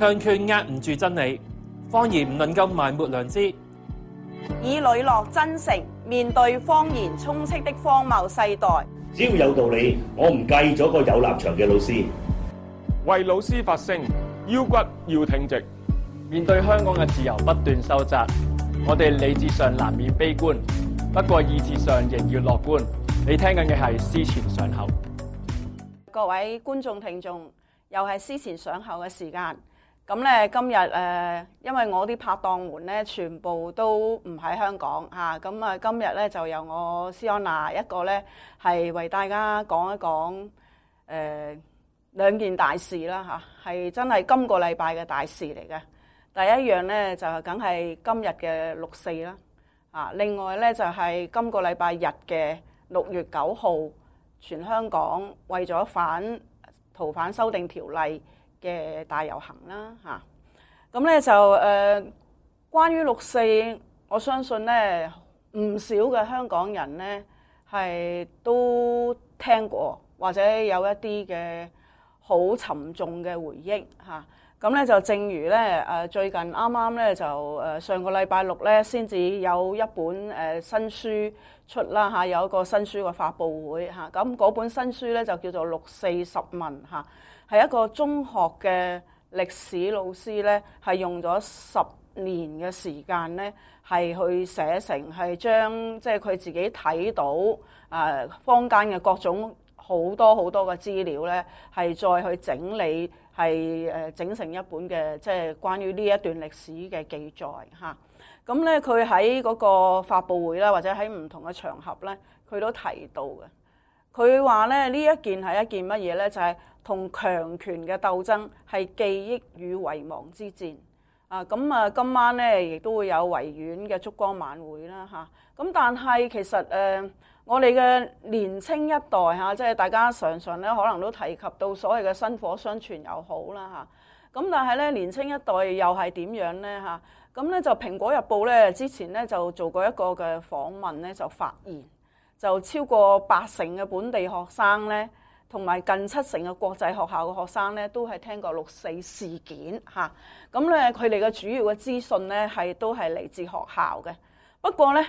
強權壓唔住真理，謊言唔能夠埋沒良知。以磊落真誠面對謊言充斥的荒謬世代。只要有道理，我唔介意咗個有立場嘅老師。為老師發聲，腰骨要挺直。面對香港嘅自由不斷收窄，我哋理智上難免悲觀，不過意志上仍要樂觀。你聽緊嘅係師前想後。各位觀眾聽眾，又係師前想後嘅時間。咁咧今日誒，因為我啲拍檔們咧，全部都唔喺香港嚇，咁啊今日咧就由我施安娜一個咧係為大家講一講誒兩件大事啦嚇，係真係今個禮拜嘅大事嚟嘅。第一樣咧就係梗係今日嘅六四啦，啊，另外咧就係今個禮拜日嘅六月九號，全香港為咗反逃犯修訂條例。嘅大遊行啦嚇，咁、啊、咧就誒、呃、關於六四，我相信咧唔少嘅香港人咧係都聽過或者有一啲嘅好沉重嘅回憶嚇。咁、啊、咧就正如咧誒、啊、最近啱啱咧就誒上個禮拜六咧先至有一本誒新書出啦嚇、啊，有一個新書嘅發佈會嚇。咁、啊、嗰本新書咧就叫做《六四十問》嚇。啊係一個中學嘅歷史老師咧，係用咗十年嘅時間咧，係去寫成係將即係佢自己睇到誒，坊間嘅各種好多好多嘅資料咧，係再去整理係誒整成一本嘅即係關於呢一段歷史嘅記載嚇。咁咧，佢喺嗰個發布會啦，或者喺唔同嘅場合咧，佢都提到嘅。佢話咧呢一件係一件乜嘢呢？就係同強權嘅鬥爭係記憶與遺忘之戰啊！咁啊，今晚呢，亦都會有維園嘅燭光晚會啦嚇。咁、啊、但係其實誒、呃，我哋嘅年青一代嚇、啊，即係大家常常咧可能都提及到所謂嘅薪火相傳又好啦嚇。咁、啊、但係咧年青一代又係點樣呢？嚇、啊？咁呢，就《蘋果日報》呢，之前呢，就做過一個嘅訪問呢，就發現。就超過八成嘅本地學生呢，同埋近七成嘅國際學校嘅學生呢，都係聽過六四事件嚇。咁、啊、咧，佢哋嘅主要嘅資訊呢，係都係嚟自學校嘅。不過呢，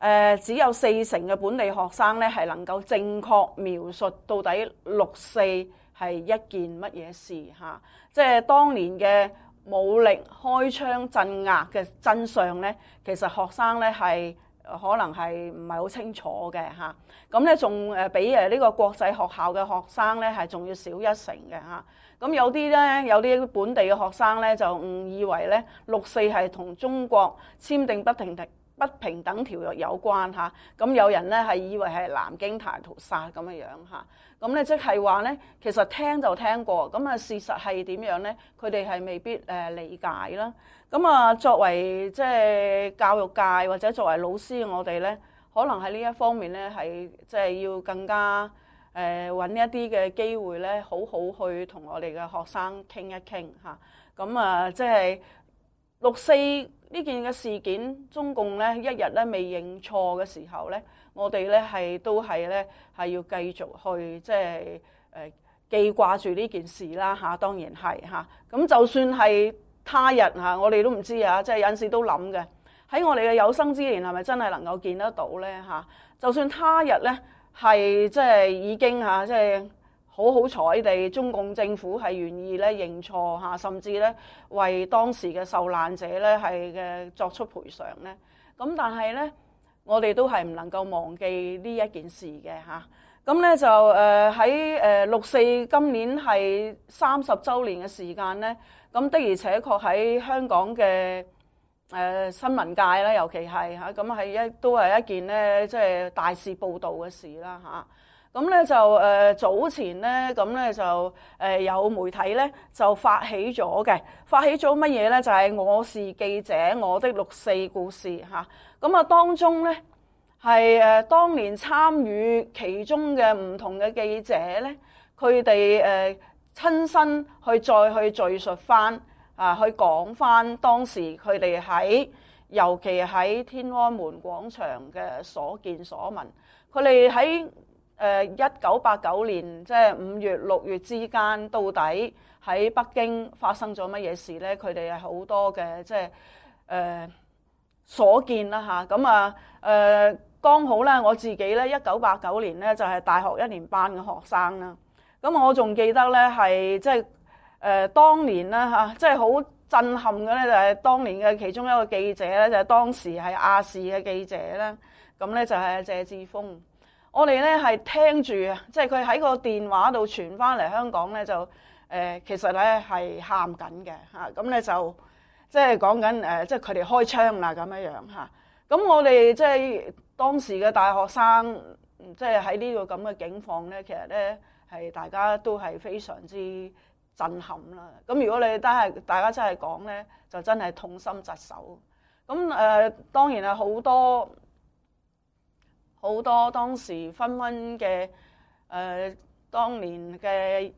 呃、只有四成嘅本地學生呢，係能夠正確描述到底六四係一件乜嘢事嚇、啊。即係當年嘅武力開槍鎮壓嘅真相呢，其實學生呢係可能係唔係好清楚嘅嚇，咁咧，仲誒比誒呢個國際學校嘅學生咧，係仲要少一成嘅嚇，咁、啊、有啲咧，有啲本地嘅學生咧，就誤以為咧六四係同中國簽訂不停停。不平等條約有關嚇，咁有人咧係以為係南京大屠殺咁樣樣嚇，咁咧即係話咧，其實聽就聽過，咁啊事實係點樣咧？佢哋係未必誒、呃、理解啦。咁啊，作為即係、就是、教育界或者作為老師，我哋咧，可能喺呢一方面咧，係即係要更加誒搵、呃、一啲嘅機會咧，好好去同我哋嘅學生傾一傾嚇。咁啊，即係。啊就是六四呢件嘅事件，中共咧一日咧未認錯嘅時候咧，我哋咧係都係咧係要繼續去即係誒、呃、記掛住呢件事啦嚇，當然係嚇。咁就算係他日嚇，我哋都唔知啊，即係有時都諗嘅，喺我哋嘅有生之年係咪真係能夠見得到咧嚇？就算他日咧係即係已經嚇即係。好好彩地，中共政府係願意咧認錯嚇，甚至咧為當時嘅受難者咧係誒作出賠償咧。咁但係咧，我哋都係唔能夠忘記呢一件事嘅嚇。咁、啊、咧就誒喺誒六四今年係三十週年嘅時間咧，咁的而且確喺香港嘅誒、呃、新聞界咧，尤其係嚇，咁、啊、係一都係一件咧即係大事報導嘅事啦嚇。啊咁咧就誒早前咧，咁咧就誒有媒體咧就發起咗嘅發起咗乜嘢咧？就係我是記者，我的六四故事嚇。咁啊，當中咧係誒當年參與其中嘅唔同嘅記者咧，佢哋誒親身去再去敍述翻啊，去講翻當時佢哋喺尤其喺天安門廣場嘅所見所聞，佢哋喺。誒一九八九年即係五月六月之間，到底喺北京發生咗乜嘢事咧？佢哋係好多嘅即係誒、呃、所見啦嚇。咁啊誒，剛、呃、好咧，我自己咧一九八九年咧就係、是、大學一年班嘅學生啦。咁、啊、我仲記得咧係即係誒、呃、當年啦嚇、啊，即係好震撼嘅咧就係、是、當年嘅其中一個記者咧，就係、是、當時係亞視嘅記者啦。咁咧就係、是、謝志峰。我哋咧係聽住，即係佢喺個電話度傳翻嚟香港咧，就誒、呃、其實咧係喊緊嘅嚇，咁咧、啊、就即係講緊誒，即係佢哋開槍啦咁樣樣嚇。咁、啊、我哋即係當時嘅大學生，即係喺、這個、呢個咁嘅境況咧，其實咧係大家都係非常之震撼啦。咁、啊、如果你真係大家真係講咧，就真係痛心疾首。咁、啊、誒、呃，當然係好多。好多當時紛紛嘅誒，當年嘅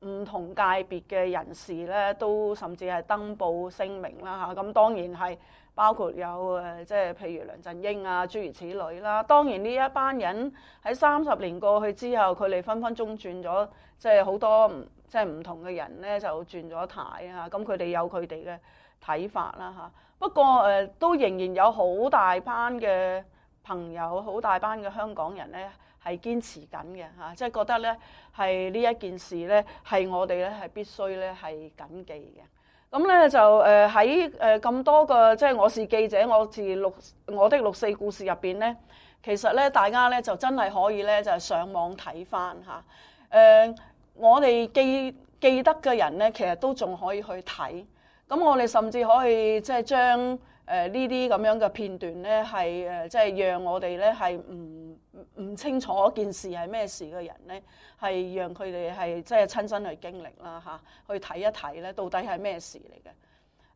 唔同界別嘅人士咧，都甚至係登報聲明啦嚇。咁、啊嗯、當然係包括有誒，即係譬如梁振英啊諸如此類啦。當然呢一班人喺三十年過去之後，佢哋分分鐘轉咗，即係好多即係唔同嘅人咧就轉咗軚、嗯、啊。咁佢哋有佢哋嘅睇法啦嚇。不過誒、呃，都仍然有好大班嘅。朋友好大班嘅香港人咧，係堅持緊嘅嚇，即係覺得咧係呢一件事咧係我哋咧係必須咧係緊記嘅。咁、嗯、咧就誒喺誒咁多個即係我是記者，我自六我的六四故事入邊咧，其實咧大家咧就真係可以咧就係上網睇翻嚇誒，我哋記記得嘅人咧，其實都仲可以去睇。咁我哋甚至可以即係將。誒呢啲咁樣嘅片段咧，係誒、呃、即係讓我哋咧係唔唔清楚件事係咩事嘅人咧，係讓佢哋係即係親身去經歷啦吓，去睇一睇咧到底係咩事嚟嘅。誒、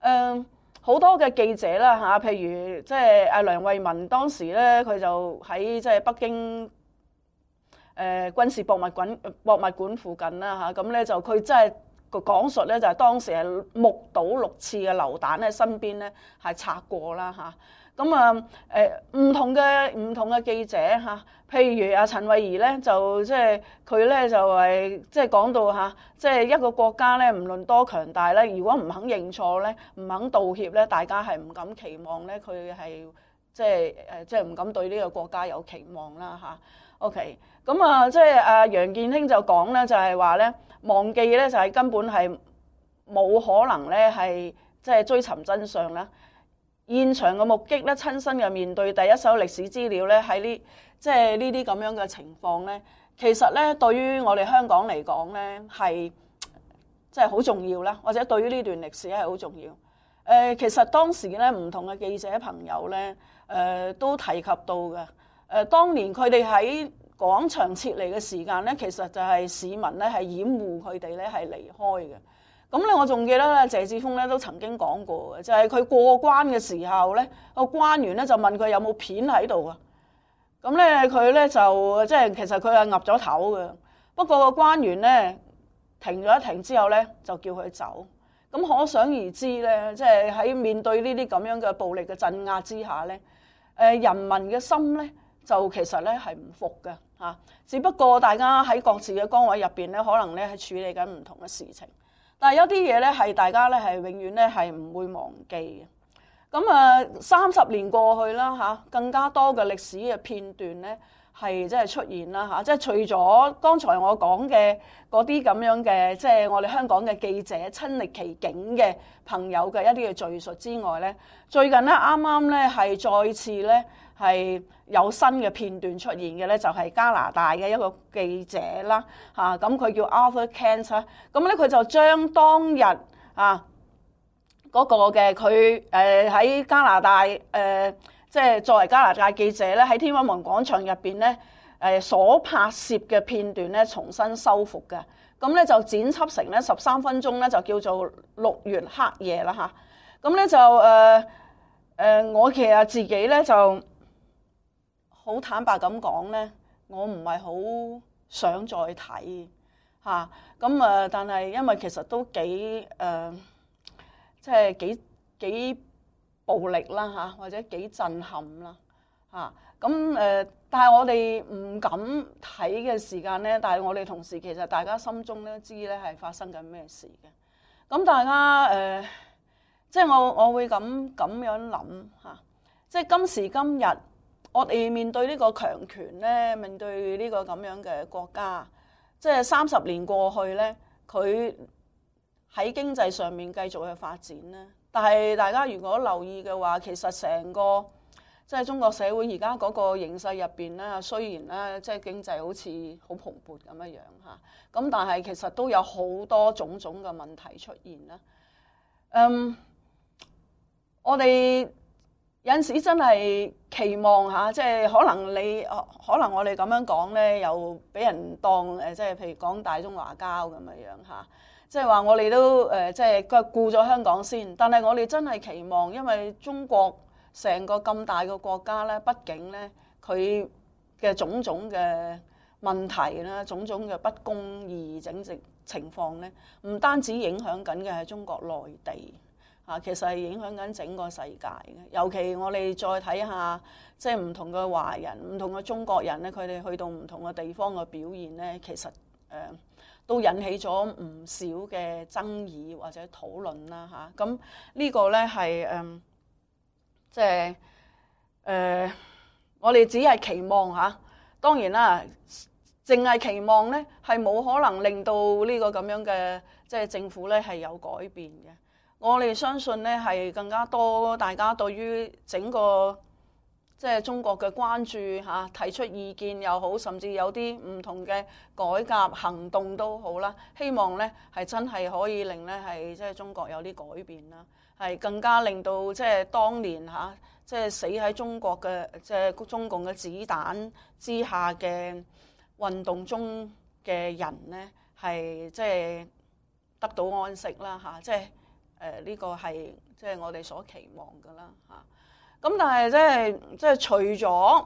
呃、好多嘅記者啦吓、啊，譬如即係阿梁慧文當時咧，佢就喺即係北京誒、呃、軍事博物館博物館附近啦吓，咁、啊、咧就佢真係。個講述咧就係當時係目睹六次嘅流彈咧身邊咧係擦過啦吓，咁啊誒唔、啊呃、同嘅唔同嘅記者嚇、啊，譬如阿、啊、陳慧儀咧就即係佢咧就係即係講到嚇，即、啊、係、就是、一個國家咧唔論多強大咧，如果唔肯認錯咧，唔肯道歉咧，大家係唔敢期望咧佢係即係誒即係唔敢對呢個國家有期望啦吓。啊 OK，咁、嗯、啊，即係阿楊健興就講咧，就係話咧，忘記咧就係根本係冇可能咧，係即係追尋真相啦。現場嘅目擊咧，親身嘅面對第一手歷史資料咧，喺呢即係呢啲咁樣嘅情況咧，其實咧對於我哋香港嚟講咧，係即係好重要啦，或者對於呢段歷史係好重要。誒、呃，其實當時咧唔同嘅記者朋友咧，誒、呃、都提及到嘅。誒、呃，當年佢哋喺廣場撤離嘅時間咧，其實就係市民咧係掩護佢哋咧係離開嘅。咁、嗯、咧，我仲記得咧，謝志峰咧都曾經講過嘅，就係、是、佢過關嘅時候咧，個官員咧就問佢有冇片喺度啊。咁、嗯、咧，佢咧就即係其實佢係揼咗頭嘅。不過個官員咧停咗一停之後咧，就叫佢走。咁、嗯、可想而知咧，即係喺面對呢啲咁樣嘅暴力嘅鎮壓之下咧，誒、呃、人民嘅心咧～就其實咧係唔服嘅嚇，只不過大家喺各自嘅崗位入邊咧，可能咧係處理緊唔同嘅事情，但係有啲嘢咧係大家咧係永遠咧係唔會忘記嘅。咁啊，三十年過去啦嚇，更加多嘅歷史嘅片段咧係即係出現啦吓，即係除咗剛才我講嘅嗰啲咁樣嘅，即係我哋香港嘅記者親歷其境嘅朋友嘅一啲嘅敘述之外咧，最近咧啱啱咧係再次咧。係有新嘅片段出現嘅咧，就係加拿大嘅一個記者啦、啊、嚇，咁、那、佢、個、叫 Arthur Kent 啦，咁咧佢就將當日啊嗰、那個嘅佢誒喺加拿大誒、呃，即係作為加拿大記者咧喺天安門廣場入邊咧誒所拍攝嘅片段咧重新修復嘅，咁咧就剪輯成咧十三分鐘咧就叫做六月黑夜啦嚇，咁、啊、咧就誒誒、呃呃、我其實自己咧就。好坦白咁講咧，我唔係好想再睇嚇。咁誒，但係因為其實都幾誒，即係幾幾暴力啦嚇，或者幾震撼啦嚇。咁誒，但係我哋唔敢睇嘅時間咧，但係我哋同時其實大家心中咧知咧係發生緊咩事嘅。咁大家誒，即係我我會咁咁樣諗嚇，即係今時今日。我哋面對呢個強權咧，面對呢個咁樣嘅國家，即係三十年過去咧，佢喺經濟上面繼續去發展咧。但係大家如果留意嘅話，其實成個即係中國社會而家嗰個形勢入邊咧，雖然咧即係經濟好似好蓬勃咁樣樣嚇，咁但係其實都有好多種種嘅問題出現啦。嗯，我哋。有陣時真係期望嚇，即係可能你可能我哋咁樣講咧，又俾人當誒，即、呃、係譬如講大中華膠咁樣樣嚇，即係話我哋都誒、呃，即係顧顧咗香港先。但係我哋真係期望，因為中國成個咁大個國家咧，畢竟咧佢嘅種種嘅問題啦，種種嘅不公義整直情況咧，唔單止影響緊嘅係中國內地。其實係影響緊整個世界嘅，尤其我哋再睇下，即係唔同嘅華人、唔同嘅中國人咧，佢哋去到唔同嘅地方嘅表現咧，其實誒、呃、都引起咗唔少嘅爭議或者討論啦嚇。咁、啊這個、呢個咧係誒，即係誒，我哋只係期望嚇、啊。當然啦，淨係期望咧係冇可能令到呢個咁樣嘅即係政府咧係有改變嘅。我哋相信咧，係更加多大家對於整個即係中國嘅關注吓、啊，提出意見又好，甚至有啲唔同嘅改革行動都好啦。希望咧係真係可以令咧係即係中國有啲改變啦，係更加令到即係當年吓，即、啊、係、即係、死喺中國嘅即係中共嘅子彈之下嘅運動中嘅人咧，係即係得到安息啦吓，即、啊、係。即係誒呢個係即係我哋所期望嘅啦嚇，咁但係即係即係除咗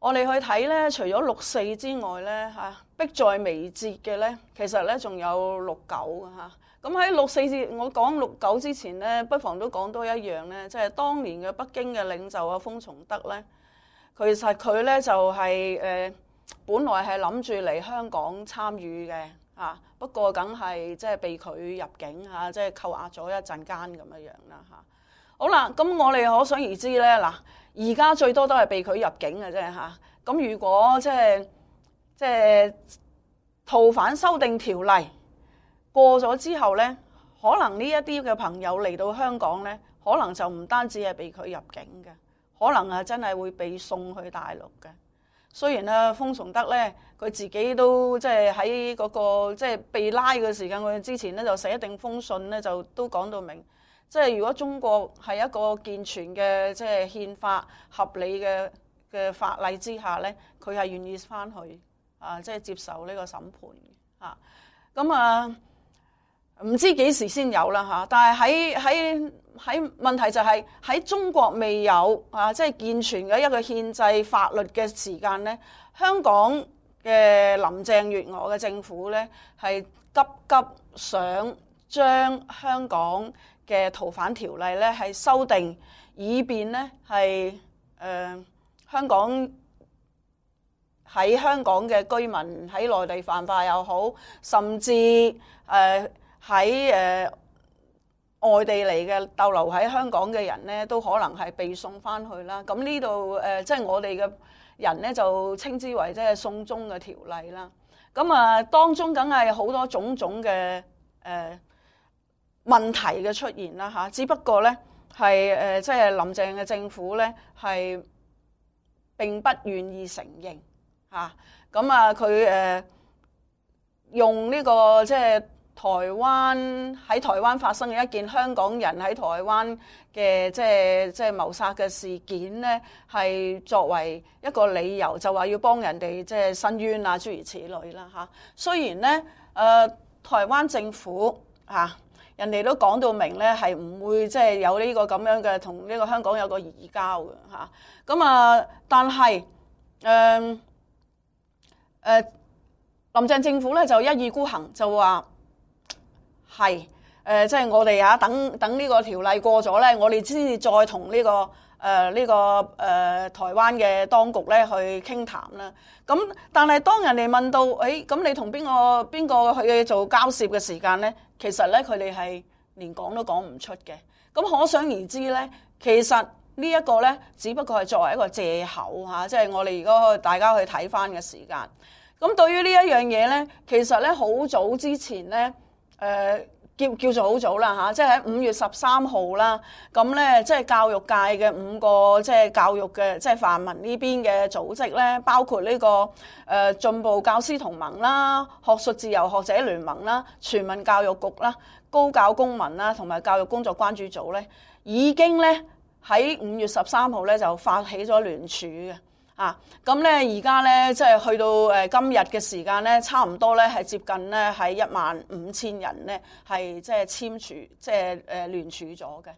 我哋去睇咧，除咗六四之外咧嚇，迫在眉睫嘅咧，其實咧仲有六九嘅嚇。咁喺六四節我講六九之前咧，不妨都講多一樣咧，即係當年嘅北京嘅領袖啊，封從德咧，其實佢咧就係誒，本來係諗住嚟香港參與嘅。嚇！不過梗係即係被佢入境嚇，即係扣押咗一陣間咁樣樣啦嚇。好啦，咁我哋可想而知咧嗱，而家最多都係被佢入境嘅啫嚇。咁如果即係即係逃犯修訂條例過咗之後咧，可能呢一啲嘅朋友嚟到香港咧，可能就唔單止係被佢入境嘅，可能啊真係會被送去大陸嘅。雖然咧，封崇德咧，佢自己都即係喺嗰個即係被拉嘅時間，佢之前咧就寫一定封信咧，就都講到明，即係如果中國係一個健全嘅即係憲法合理嘅嘅法例之下咧，佢係願意翻去啊，即係接受呢個審判嘅吓，咁啊。嗯啊唔知幾時先有啦嚇，但係喺喺喺問題就係、是、喺中國未有啊，即係健全嘅一個憲制法律嘅時間呢，香港嘅林鄭月娥嘅政府呢，係急急想將香港嘅逃犯條例呢，係修訂，以便呢係誒、呃、香港喺香港嘅居民喺內地犯法又好，甚至誒。呃喺誒、呃、外地嚟嘅逗留喺香港嘅人咧，都可能係被送翻去啦。咁、嗯呃就是、呢度誒，即係我哋嘅人咧，就稱之為即係送中嘅條例啦。咁、嗯、啊，當中梗係好多種種嘅誒、呃、問題嘅出現啦吓，只不過咧，係誒即係林鄭嘅政府咧，係並不願意承認吓，咁啊，佢、嗯、誒、啊呃、用呢、這個即係，就是台灣喺台灣發生嘅一件香港人喺台灣嘅即係即係謀殺嘅事件咧，係作為一個理由，就話要幫人哋即係伸冤啊，諸如此類啦嚇、啊。雖然咧，誒、呃、台灣政府嚇、啊、人哋都講到明咧，係唔會即係有呢個咁樣嘅同呢個香港有個移交嘅嚇。咁啊，啊，但係誒誒林鄭政府咧就一意孤行，就話。係誒、呃，即係我哋啊，等等呢個條例過咗咧，我哋先至再同呢個誒呢、呃呢個誒、呃、台灣嘅當局咧去傾談啦。咁但係當人哋問到誒咁，哎、你同邊個邊個去做交涉嘅時間咧？其實咧，佢哋係連講都講唔出嘅。咁可想而知咧、啊，其實呢一個咧，只不過係作為一個借口吓，即係我哋而家大家去睇翻嘅時間。咁對於呢一樣嘢咧，其實咧好早之前咧。誒、呃、叫叫做好早啦嚇、啊，即係喺五月十三號啦。咁咧，即係教育界嘅五個即係教育嘅即係泛民呢邊嘅組織咧，包括呢、呢個誒進、呃、步教師同盟啦、學術自由學者聯盟啦、全民教育局啦、高教公民啦，同埋教育工作關注組咧，已經咧喺五月十三號咧就發起咗聯署嘅。啊，咁咧而家咧即係去到誒今日嘅時間咧，差唔多咧係接近咧喺一萬五千人咧係即係簽署，即係誒聯署咗嘅。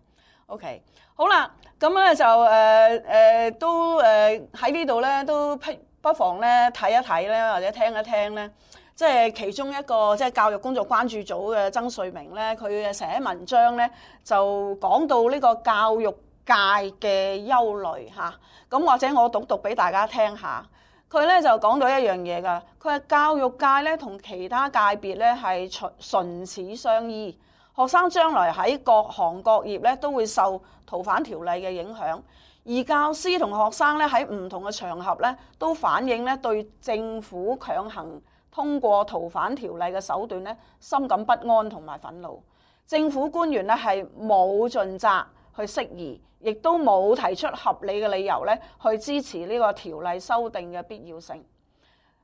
OK，好啦，咁咧就誒誒、呃呃、都誒喺、呃、呢度咧都不不妨咧睇一睇咧或者聽一聽咧，即係其中一個即係教育工作關注組嘅曾瑞明咧，佢嘅寫文章咧就講到呢個教育。界嘅憂慮嚇，咁、啊、或者我讀讀俾大家聽下。佢咧就講到一樣嘢㗎，佢係教育界咧同其他界別咧係唇唇齒相依。學生將來喺各行各業咧都會受逃犯條例嘅影響，而教師同學生咧喺唔同嘅場合咧都反映咧對政府強行通過逃犯條例嘅手段咧深感不安同埋憤怒。政府官員咧係冇盡責，去適宜，亦都冇提出合理嘅理由咧，去支持呢個條例修訂嘅必要性。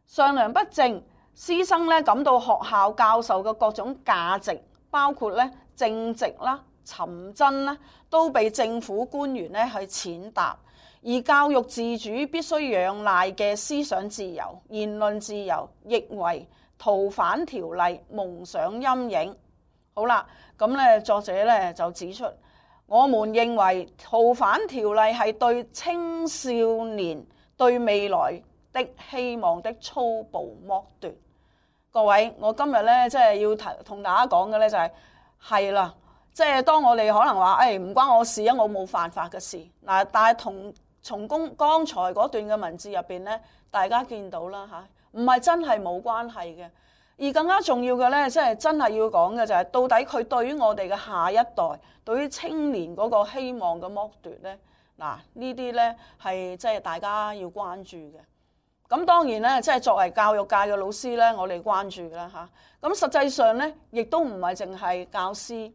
上梁不正，師生咧感到學校教授嘅各種價值，包括咧正直啦、尋真啦，都被政府官員咧去踐踏。而教育自主必須仰賴嘅思想自由、言論自由，亦為逃犯條例蒙上陰影。好啦，咁咧作者咧就指出。我們認為逃犯條例係對青少年對未來的希望的粗暴剝奪。各位，我今日咧即係要同大家講嘅咧就係係啦，即係當我哋可能話誒唔關我事啊，我冇犯法嘅事嗱，但係同從剛剛才嗰段嘅文字入邊咧，大家見到啦嚇，唔係真係冇關係嘅。而更加重要嘅呢，即係真係要講嘅就係，到底佢對於我哋嘅下一代，對於青年嗰個希望嘅剝奪呢。嗱呢啲呢係即係大家要關注嘅。咁當然呢，即係作為教育界嘅老師呢，我哋關注啦吓，咁實際上呢，亦都唔係淨係教師。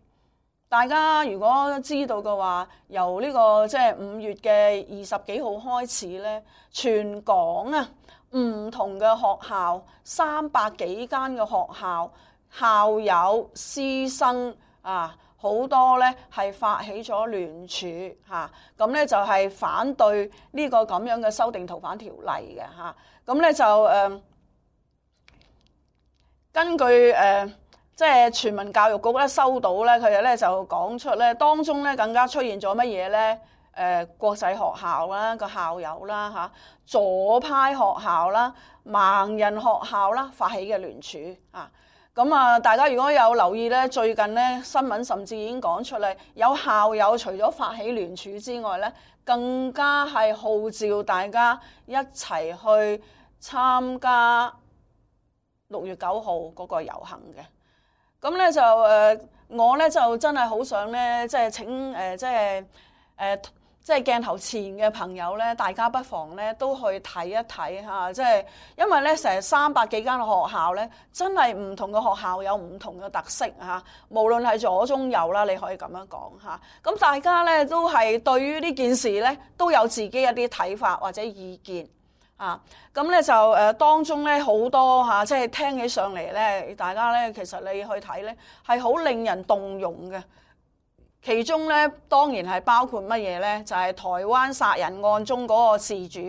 大家如果知道嘅話，由呢個即係五月嘅二十幾號開始呢，全港啊！唔同嘅學校，三百幾間嘅學校，校友、師生啊，好多呢係發起咗聯署嚇，咁、啊、呢就係、是、反對呢個咁樣嘅修訂逃犯條例嘅嚇，咁、啊、呢就誒、呃、根據誒即係全民教育局咧收到呢佢哋咧就講出呢當中呢更加出現咗乜嘢呢？誒、呃、國際學校啦，個校友啦嚇，左派學校啦，盲人學校啦，發起嘅聯署啊！咁啊，大家如果有留意呢，最近呢新聞甚至已經講出嚟，有校友除咗發起聯署之外呢，更加係號召大家一齊去參加六月九號嗰個遊行嘅。咁、嗯、呢，就誒、呃，我呢，就真係好想呢，即、就、係、是、請誒，即係誒。就是呃即係鏡頭前嘅朋友咧，大家不妨咧都去睇一睇嚇、啊，即係因為咧成三百幾間學校咧，真係唔同嘅學校有唔同嘅特色嚇、啊，無論係左中右啦，你可以咁樣講嚇。咁、啊、大家咧都係對於呢件事咧都有自己一啲睇法或者意見啊。咁、嗯、咧就誒、呃、當中咧好多嚇、啊，即係聽起上嚟咧，大家咧其實你去睇咧係好令人動容嘅。其中咧當然係包括乜嘢咧？就係、是、台灣殺人案中嗰個事主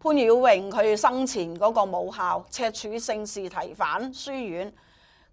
潘曉穎佢生前嗰個母校赤柱聖士提反書院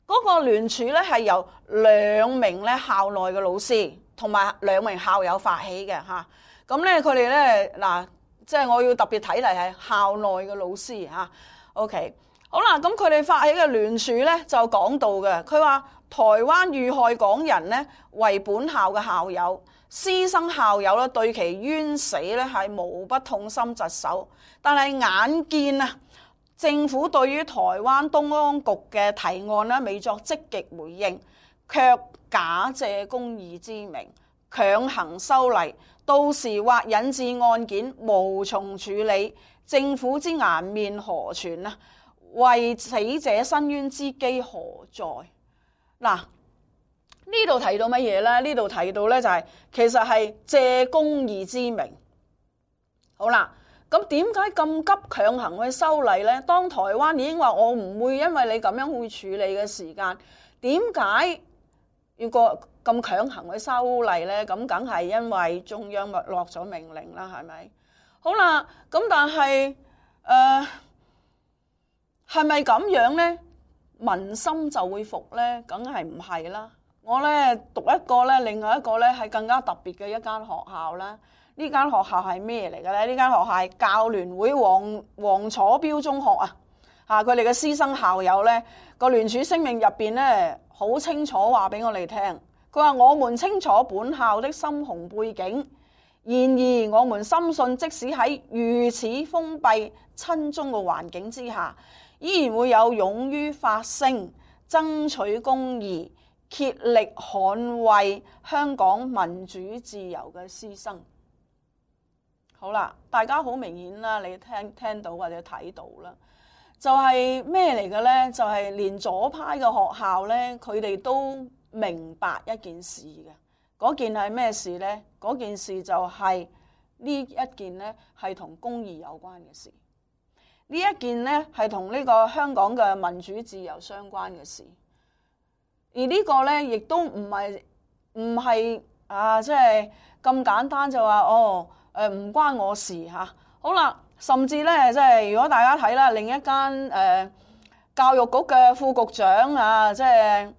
嗰、那個聯署咧係由兩名咧校內嘅老師同埋兩名校友發起嘅嚇。咁咧佢哋咧嗱，即係、就是、我要特別睇嚟係校內嘅老師嚇、啊。OK，好啦，咁佢哋發起嘅聯署咧就講到嘅，佢話。台灣遇害港人咧，為本校嘅校友、師生校友啦，對其冤死咧係無不痛心疾首。但係眼見啊，政府對於台灣東安局嘅提案咧未作積極回應，卻假借公義之名強行修例，到時或引致案件無從處理，政府之顏面何存啊？為死者申冤之機何在？嗱，呢度提到乜嘢呢？呢度提到呢就係，其實係借公義之名。好啦，咁點解咁急強行去修例呢？當台灣已經話我唔會因為你咁樣會處理嘅時間，點解要過咁強行去修例呢？咁梗係因為中央落咗命令啦，係咪？好啦，咁但係誒，係咪咁樣呢？民心就會服呢，梗係唔係啦？我呢，讀一個呢，另外一個呢，係更加特別嘅一間學校啦。呢間學校係咩嚟嘅呢？呢間學校係教聯會黃黃楚標中學啊！嚇、啊，佢哋嘅師生校友呢，個聯署聲明入邊呢，好清楚話俾我哋聽。佢話：我們清楚本校的深紅背景，然而我們深信，即使喺如此封閉親中嘅環境之下，依然會有勇於發聲、爭取公義、竭力捍衛香港民主自由嘅師生。好啦，大家好明顯啦，你聽聽到或者睇到啦，就係咩嚟嘅呢？就係連左派嘅學校呢，佢哋都明白一件事嘅。嗰件係咩事呢？嗰件事就係呢一件呢，係同公義有關嘅事。呢一件呢，係同呢個香港嘅民主自由相關嘅事，而呢個呢亦都唔係唔係啊，即係咁簡單就話哦，誒唔關我事嚇啊。好啦，甚至呢，即係如果大家睇啦，另一間誒教育局嘅副局長啊，即係。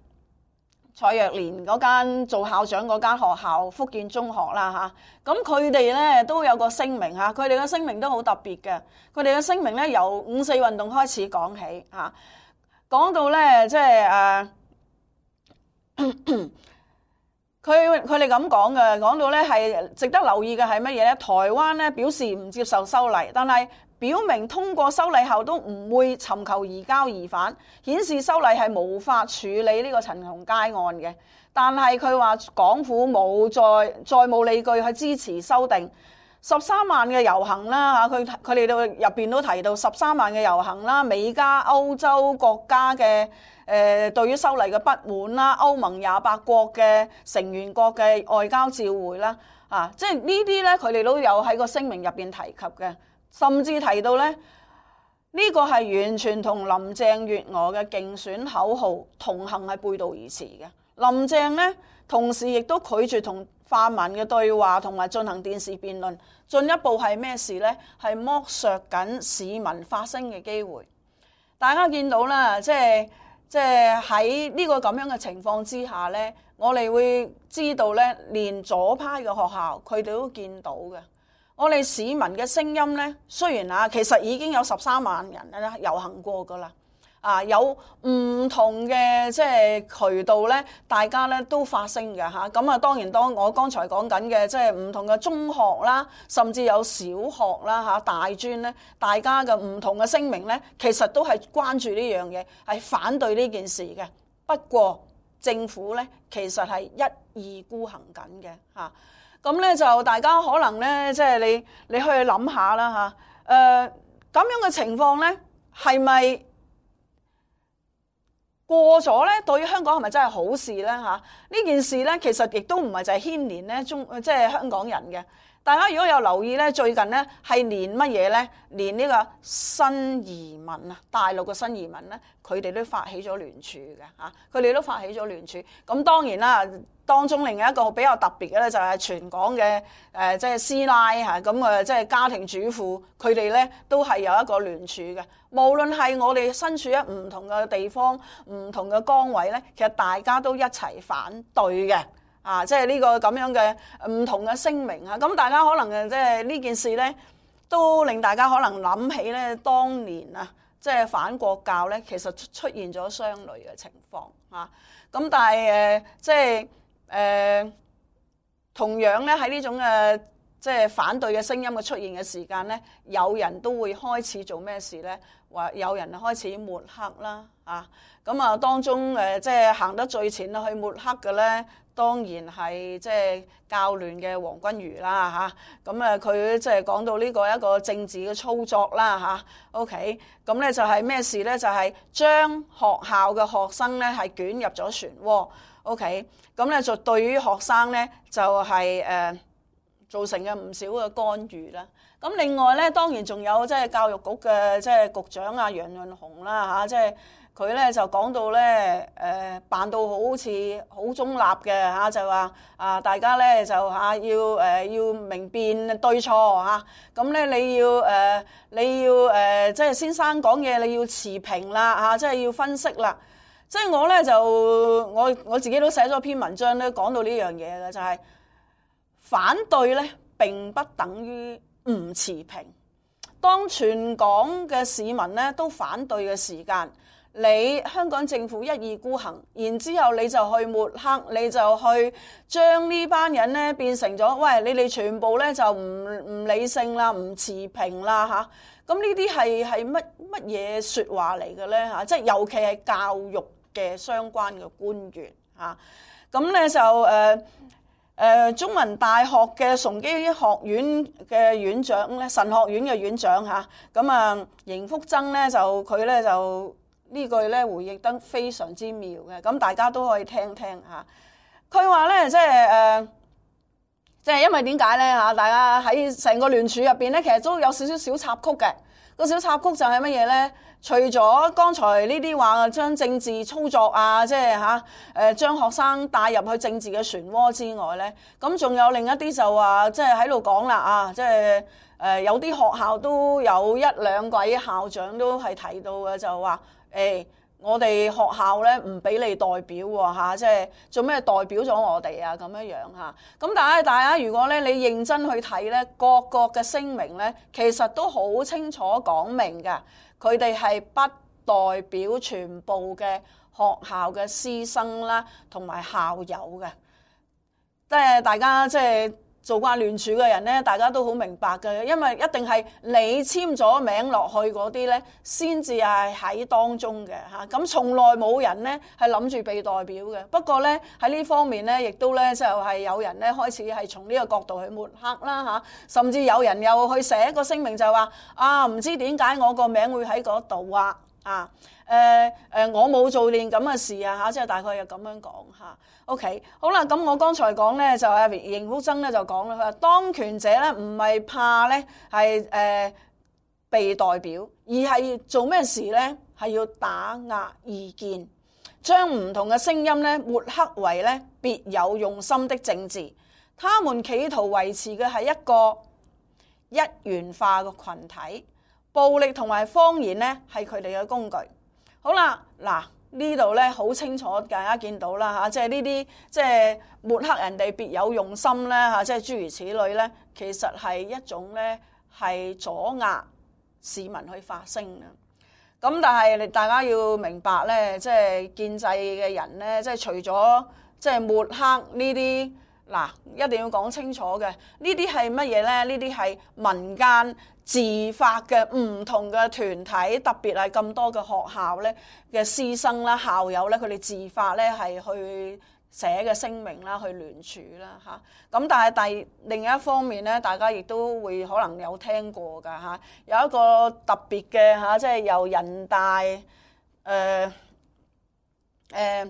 蔡若蓮嗰間做校長嗰間學校福建中學啦嚇，咁佢哋咧都有個聲明嚇，佢哋嘅聲明都好特別嘅，佢哋嘅聲明咧由五四運動開始講起嚇、啊，講到咧即係誒。就是啊 佢佢哋咁講嘅，講到呢係值得留意嘅係乜嘢呢？台灣呢表示唔接受修例，但係表明通過修例後都唔會尋求移交疑犯，顯示修例係無法處理呢個陳同佳案嘅。但係佢話港府冇再再冇理據去支持修訂。十三萬嘅遊行啦嚇，佢佢哋都入邊都提到十三萬嘅遊行啦，美加歐洲國家嘅誒、呃、對於修例嘅不滿啦，歐盟廿八國嘅成員國嘅外交照會啦，啊，即係呢啲咧，佢哋都有喺個聲明入邊提及嘅，甚至提到咧呢、這個係完全同林鄭月娥嘅競選口號同行係背道而馳嘅。林鄭咧同時亦都拒絕同。泛民嘅對話同埋進行電視辯論，進一步係咩事呢？係剝削緊市民發聲嘅機會。大家見到啦，即係即係喺呢個咁樣嘅情況之下呢，我哋會知道呢，連左派嘅學校佢哋都見到嘅。我哋市民嘅聲音呢，雖然啊，其實已經有十三萬人呢遊行過噶啦。啊！有唔同嘅即係渠道咧，大家咧都發聲嘅嚇。咁啊，當然當我剛才講緊嘅，即係唔同嘅中學啦，甚至有小學啦嚇、啊，大專咧，大家嘅唔同嘅聲明咧，其實都係關注呢樣嘢，係反對呢件事嘅。不過政府咧，其實係一意孤行緊嘅嚇。咁、啊、咧就大家可能咧，即係你你去諗下啦嚇。誒、啊、咁、呃、樣嘅情況咧，係咪？過咗咧，對於香港係咪真係好事咧？嚇、啊，呢件事咧，其實亦都唔係就係牽連咧中，即係香港人嘅。大家如果有留意咧，最近咧係連乜嘢咧？連呢個新移民啊，大陸嘅新移民咧，佢哋都發起咗聯署嘅嚇，啊、佢哋都發起咗聯署。咁、啊、當然啦，當中另一個比較特別嘅咧，就係、是、全港嘅誒，呃、即係、就是、師奶嚇，咁啊，啊、即係、就是、家庭主婦，佢哋咧都係有一個聯署嘅。無論係我哋身處喺唔同嘅地方、唔同嘅崗位咧，其實大家都一齊反對嘅。啊！即係呢個咁樣嘅唔同嘅聲明啊，咁大家可能即係呢件事呢，都令大家可能諗起呢當年啊，即係反國教呢，其實出出現咗相類嘅情況啊。咁但係誒、呃，即係誒、呃，同樣呢，喺呢種嘅、啊、即係反對嘅聲音嘅出現嘅時間呢，有人都會開始做咩事呢？話有人開始抹黑啦啊！咁啊，當中誒、啊、即係行得最前去抹黑嘅呢。當然係即係教聯嘅黃君如啦嚇，咁啊佢即係講到呢個一個政治嘅操作啦嚇。OK，咁咧就係咩事咧？就係、是、將學校嘅學生咧係捲入咗漩渦。OK，咁咧就對於學生咧就係誒造成嘅唔少嘅干預啦。咁另外咧當然仲有即係教育局嘅即係局長啊楊潤雄啦嚇、啊，即係。佢咧就講到咧，誒扮到好似好中立嘅嚇，就話啊，大家咧就嚇、啊、要誒、呃、要明辨對錯嚇。咁咧你要誒、呃、你要誒，即係先生講嘢你要持平啦嚇，即係要分析啦。即係我咧就我我自己都寫咗篇文章咧，講到呢樣嘢嘅就係反對咧，並不等於唔持平。當全港嘅市民咧都反對嘅時間。你香港政府一意孤行，然之後你就去抹黑，你就去將呢班人咧變成咗，喂，你哋全部咧就唔唔理性啦，唔持平啦嚇。咁、嗯、呢啲係係乜乜嘢説話嚟嘅咧嚇？即係尤其係教育嘅相關嘅官員嚇。咁咧、嗯、就誒誒、呃呃、中文大學嘅崇基學院嘅院長咧，神學院嘅院長嚇。咁啊，邢福增咧就佢咧就。句呢句咧回憶得非常之妙嘅，咁大家都可以聽聽嚇。佢話咧，即係誒、呃，即係因為點解咧嚇？大家喺成個聯署入邊咧，其實都有少少小插曲嘅。個小插曲就係乜嘢咧？除咗剛才呢啲話將政治操作啊，將治啊，即係嚇誒將學生帶入去政治嘅漩渦之外咧，咁、呃、仲有另一啲就話，即係喺度講啦啊，即係誒有啲學校都有一兩位校長都係提到嘅，就話。誒、哎，我哋學校咧唔俾你代表喎、啊啊，即係做咩代表咗我哋啊？咁樣樣嚇。咁、啊、但係大家如果咧你認真去睇咧，各個嘅聲明咧，其實都好清楚講明㗎，佢哋係不代表全部嘅學校嘅師生啦，同埋校友嘅。即、啊、係大家即係。做慣聯署嘅人咧，大家都好明白㗎，因為一定係你簽咗名落去嗰啲咧，先至係喺當中嘅嚇。咁、啊、從來冇人咧係諗住被代表嘅。不過咧喺呢方面咧，亦都咧就係、是、有人咧開始係從呢個角度去抹黑啦嚇、啊，甚至有人又去寫一個聲明就話啊，唔知點解我個名會喺嗰度啊。啊，誒、欸、誒、呃，我冇做練咁嘅事啊！嚇、啊，即、就、係、是、大概又咁樣講嚇、啊。OK，好啦，咁、嗯、我剛才講咧就阿、啊、邢福增咧就講啦，佢話當權者咧唔係怕咧係誒被代表，而係做咩事咧係要打壓意見，將唔同嘅聲音咧抹黑為咧別有用心的政治。他們企圖維持嘅係一個一元化嘅群體。暴力同埋方言呢，係佢哋嘅工具。嗱，一定要講清楚嘅，呢啲係乜嘢呢？呢啲係民間自發嘅唔同嘅團體，特別係咁多嘅學校呢嘅師生啦、校友呢，佢哋自發呢係去寫嘅聲明啦、去聯署啦嚇。咁、啊、但係第另一方面呢，大家亦都會可能有聽過㗎嚇、啊，有一個特別嘅嚇，即係由人大誒誒。呃呃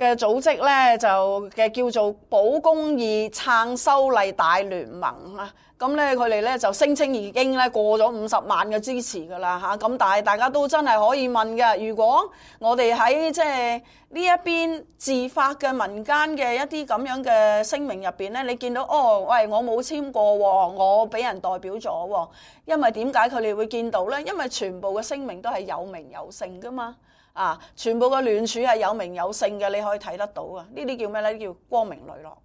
嘅組織呢，就嘅叫做保公義撐修例大聯盟啊！咁咧，佢哋咧就聲稱已經咧過咗五十萬嘅支持噶啦嚇，咁、啊、但係大家都真係可以問嘅。如果我哋喺即係呢一邊自發嘅民間嘅一啲咁樣嘅聲明入邊咧，你見到哦，喂，我冇簽過喎、哦，我俾人代表咗喎、哦。因為點解佢哋會見到咧？因為全部嘅聲明都係有名有姓噶嘛，啊，全部嘅聯署係有名有姓嘅，你可以睇得到啊。呢啲叫咩咧？叫光明磊落。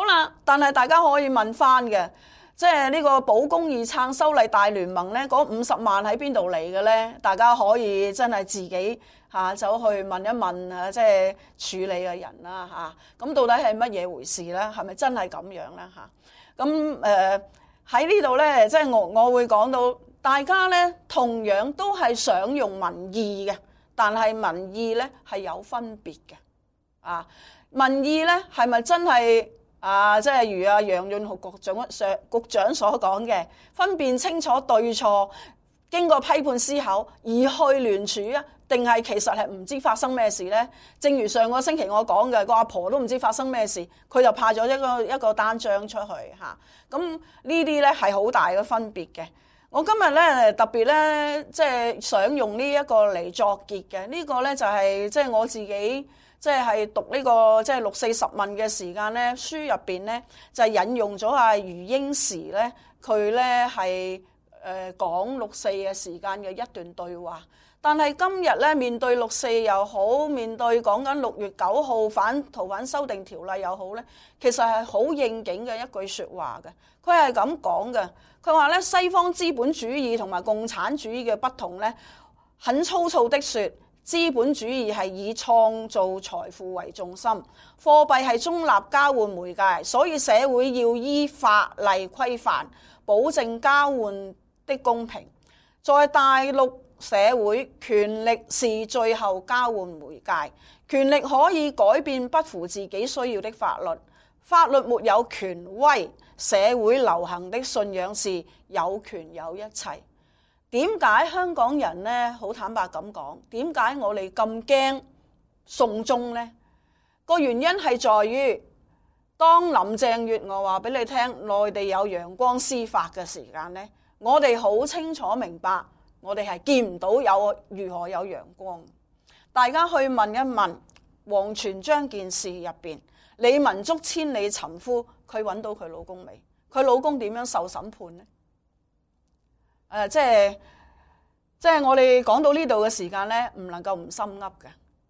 好啦，但係大家可以問翻嘅，即係呢個保公義撐修例大聯盟呢，嗰五十萬喺邊度嚟嘅呢？大家可以真係自己嚇走、啊、去問一問啊！即係處理嘅人啦嚇，咁、啊、到底係乜嘢回事呢？係咪真係咁樣呢？嚇、啊？咁誒喺呢度呢，即係我我會講到大家呢同樣都係想用民意嘅，但係民意呢係有分別嘅啊！民意呢係咪真係？啊，即係如啊楊潤雄局長上局長所講嘅，分辨清楚對錯，經過批判思考而去聯署啊，定係其實係唔知發生咩事咧？正如上個星期我講嘅，個阿婆,婆都唔知發生咩事，佢就派咗一個一個單張出去吓，咁、啊、呢啲咧係好大嘅分別嘅。我今日咧特別咧，即係想用呢一個嚟作結嘅。這個、呢個咧就係、是、即係我自己，即係讀呢、這個即係六四十問嘅時間咧，書入邊咧就是、引用咗阿、啊、余英時咧，佢咧係誒講六四嘅時間嘅一段對話。但係今日咧，面對六四又好，面對講緊六月九號反逃犯修訂條例又好咧，其實係好應景嘅一句説話嘅。佢係咁講嘅，佢話咧西方資本主義同埋共產主義嘅不同咧，很粗糙的説資本主義係以創造財富為重心，貨幣係中立交換媒介，所以社會要依法例規範，保證交換的公平。在大陸。社會權力是最後交換媒介，權力可以改變不符自己需要的法律。法律沒有權威，社會流行的信仰是有權有一切。點解香港人呢？好坦白咁講，點解我哋咁驚送中呢？個原因係在於，當林鄭月娥話俾你聽內地有陽光司法嘅時間呢，我哋好清楚明白。我哋係見唔到有如何有陽光，大家去問一問王全璋件事入邊，李文足千里尋夫，佢揾到佢老公未？佢老公點樣受審判呢？呃、即係即係我哋講到呢度嘅時間呢，唔能夠唔心噏嘅。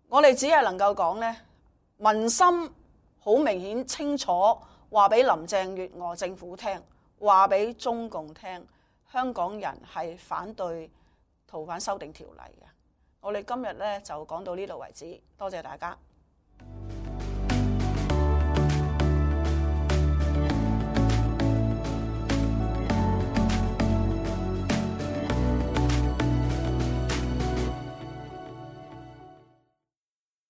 我哋只係能夠講呢：「民心好明顯清楚，話俾林鄭月娥政府聽，話俾中共聽，香港人係反對。逃犯修訂條例嘅，我哋今日咧就講到呢度為止，多謝大家。